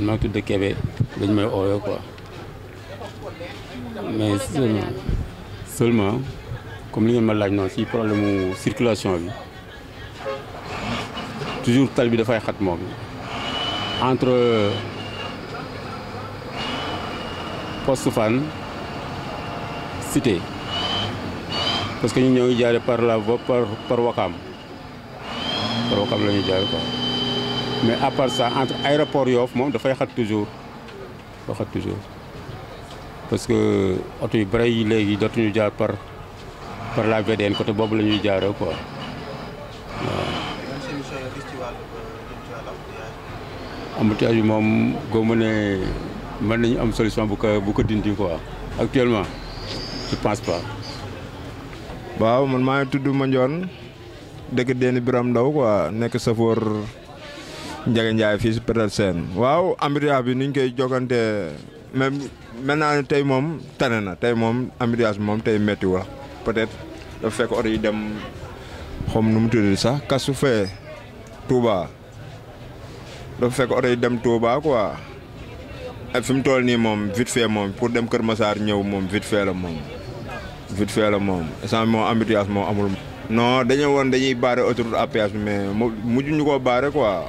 man maa ngi tudd dañ may ooyoo quoi mais seulement seulement comme li ngeen ma laaj noonu si problème mu bi toujours tali bi dafay xat moom entre poste Fann cité parce que ñu ñëw jaare par la voie par par Wakaam par Wakaam la ñuy jaare quoi. mais à part ça entre aéroport Yoff moom dafay xat toujours dafay parce que oto yu bëri yi léegi dootuñu jaar par par la VDN côté boobu la ñuy jaaree quoi waaw. embouteillage bi moom góobu ne mën nañu am solution bu ko bu ko dindi quoi actuellement je pense pas. waaw man maa ngi tudd Mandione dëkk Déni Biram Ndaw quoi nekk safoor Ndiaga Ndiaye fii si seen waaw embouteillage bi ni koy jogante même maintenant tey moom tane na tey moom embouteillage moom tey métti wax peut-être dafa fekk oto yi dem xom nu mu tudd sax kasu fee Touba dafa fekk oto yi dem Touba quoi ak fi mu toll nii moom vite fait moom pour dem Kër Massar ñëw moom vite fait la moom vite fait la moom instant moom embouteillage moom amul. non dañoo woon dañuy barrer autoroute à péage mais mujj ñu ko barrer quoi.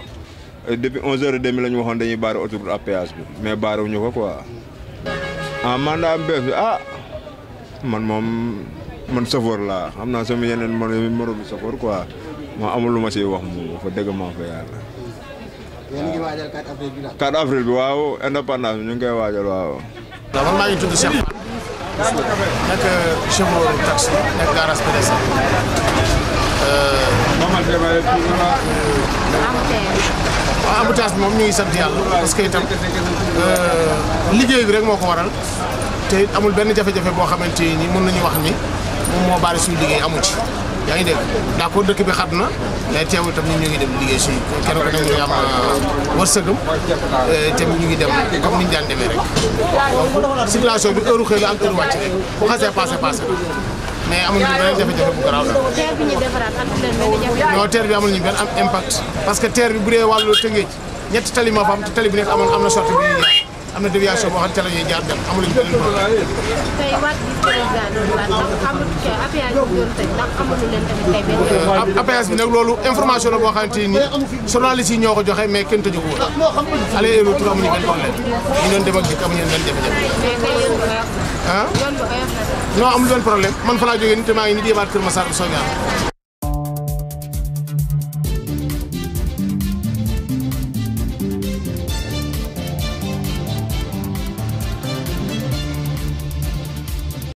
Euh, depuis onze heures et demi la ñu waxoon dañuy baare autoroute à bi mais baare wuñu ko quoi ah mandat am bees bi ah man moom man safoor la xam naa sama yeneen moromu safoor quoi ma amul lu ma siy wax moom fa dëgg fa yàlla. yéen avril bi la. 4 avril waaw indépendance bi ñu ngi koy waajal waaw. maa ngi tudd embouteillage bi moom ñu ngi sant yàlla parce que itam euh, liggéey bi rek moo ko waral te amul benn jafe-jafe boo xamante ni mën nañu wax ni moom moo baari suñu liggéey amu ci. yaa ngi dégg dëkk bi xat na mais teew itam ñu ngi dem liggéey suñu kenn ku ne ñu am euh, wërsëgam euh, te ñu ngi dem comme ni ñu daan demee rek donc circulation bi heure xëy ak heure wàcc rek bu xasee passé passé mais amul ñu benn jafe-jafe bu garaaw daal. teer bi teer bi amul ñu benn am impact. parce que teer bi bu dee wàllu Tëngéej ñetti tali moo fa am te tali bu nekk amoon am na sortie bu na déviation boo xam ne tali bi président loolu la ndax amul APS euh, bi doon nag loolu information la boo xamante ni ñoo ko joxe mais kenn tëju ko woon. allez amuñu benn problème ñu ah non amul benn problème man fa laa jógee nii te maa ngi nii di yebaat Kër Massar bu soobee